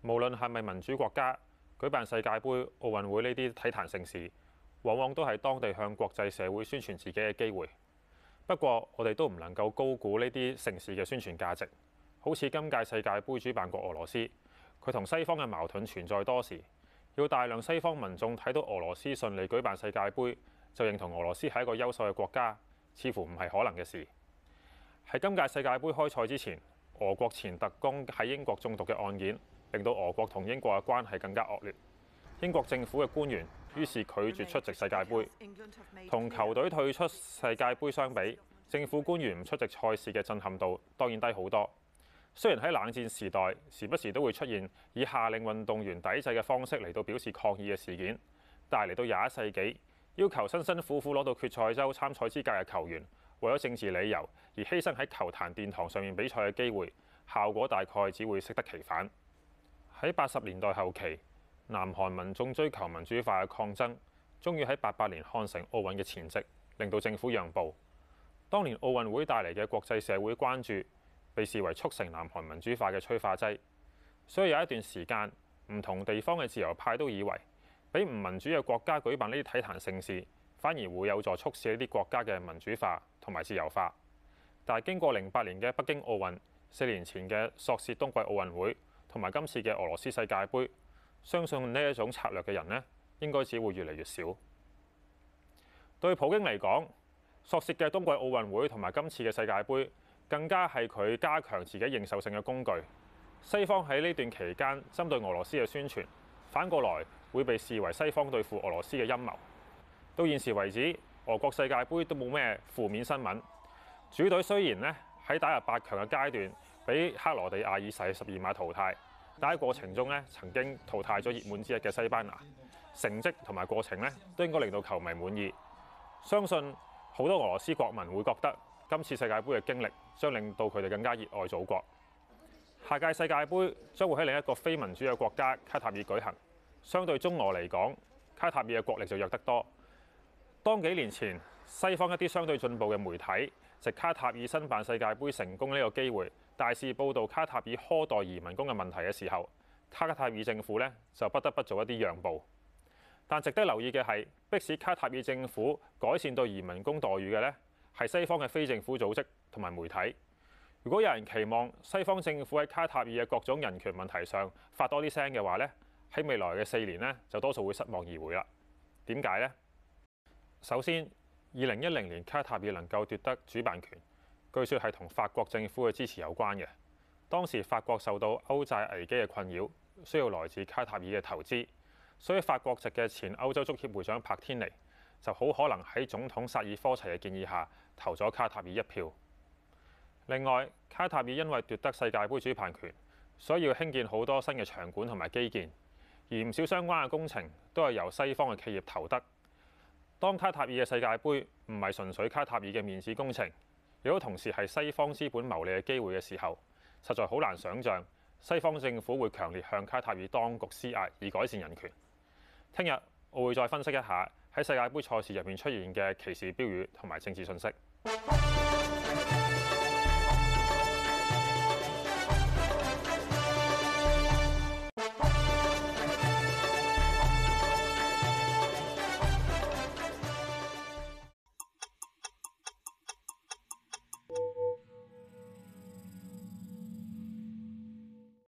無論係咪民主國家舉辦世界盃、奧運會呢啲體壇盛事，往往都係當地向國際社會宣傳自己嘅機會。不過，我哋都唔能夠高估呢啲盛事嘅宣傳價值。好似今屆世界盃主辦國俄羅斯，佢同西方嘅矛盾存在多時，要大量西方民眾睇到俄羅斯順利舉辦世界盃，就認同俄羅斯係一個優秀嘅國家，似乎唔係可能嘅事。喺今屆世界盃開賽之前，俄國前特工喺英國中毒嘅案件，令到俄國同英國嘅關係更加惡劣。英國政府嘅官員於是拒絕出席世界盃，同球隊退出世界盃相比，政府官員唔出席賽事嘅震撼度當然低好多。雖然喺冷戰時代，時不時都會出現以下令運動員抵制嘅方式嚟到表示抗議嘅事件，但係嚟到廿一世紀。要求辛辛苦苦攞到決賽周參賽資格嘅球員，為咗政治理由而犧牲喺球壇殿堂上面比賽嘅機會，效果大概只會適得其反。喺八十年代後期，南韓民眾追求民主化嘅抗爭，終於喺八八年漢城奧運嘅前夕令到政府讓步。當年奧運會帶嚟嘅國際社會關注，被視為促成南韓民主化嘅催化劑。所以有一段時間，唔同地方嘅自由派都以為。俾唔民主嘅國家舉辦呢啲體壇盛事，反而會有助促使呢啲國家嘅民主化同埋自由化。但係經過零八年嘅北京奧運、四年前嘅索契冬季奧運會同埋今次嘅俄羅斯世界盃，相信呢一種策略嘅人咧，應該只會越嚟越少。對、Restaurant、對普京嚟講，索契嘅冬季奧運會同埋今次嘅世界盃更加係佢加強自己認受性嘅工具。西方喺呢段期間針對俄羅斯嘅宣傳，反過來，會被視為西方對付俄羅斯嘅陰謀。到現時為止，俄國世界盃都冇咩負面新聞。主隊雖然咧喺打入八強嘅階段，俾克羅地亞以世十二碼淘汰。但喺過程中咧，曾經淘汰咗熱門之一嘅西班牙。成績同埋過程咧，都應該令到球迷滿意。相信好多俄羅斯國民會覺得今次世界盃嘅經歷，將令到佢哋更加熱愛祖國。下屆世界盃將會喺另一個非民主嘅國家卡塔爾舉行。相對中俄嚟講，卡塔爾嘅國力就弱得多。當幾年前西方一啲相對進步嘅媒體，藉卡塔爾申辦世界盃成功呢個機會，大肆報導卡塔爾苛待移民工嘅問題嘅時候，卡塔爾政府呢就不得不做一啲讓步。但值得留意嘅係，迫使卡塔爾政府改善對移民工待遇嘅呢，係西方嘅非政府組織同埋媒體。如果有人期望西方政府喺卡塔爾嘅各種人權問題上發多啲聲嘅話呢，喺未來嘅四年呢，就多數會失望而回啦。點解呢？首先，二零一零年卡塔爾能夠奪得主辦權，據說係同法國政府嘅支持有關嘅。當時法國受到歐債危機嘅困擾，需要來自卡塔爾嘅投資，所以法國籍嘅前歐洲足協會長柏天尼就好可能喺總統薩爾科齊嘅建議下投咗卡塔爾一票。另外，卡塔爾因為奪得世界盃主辦權，所以要興建好多新嘅場館同埋基建。而唔少相關嘅工程都係由西方嘅企業投得。當卡塔爾嘅世界盃唔係純粹卡塔爾嘅面子工程，如果同時係西方資本牟利嘅機會嘅時候，實在好難想像西方政府會強烈向卡塔爾當局施壓，以改善人權。聽日我會再分析一下喺世界盃賽事入面出現嘅歧視標語同埋政治信息。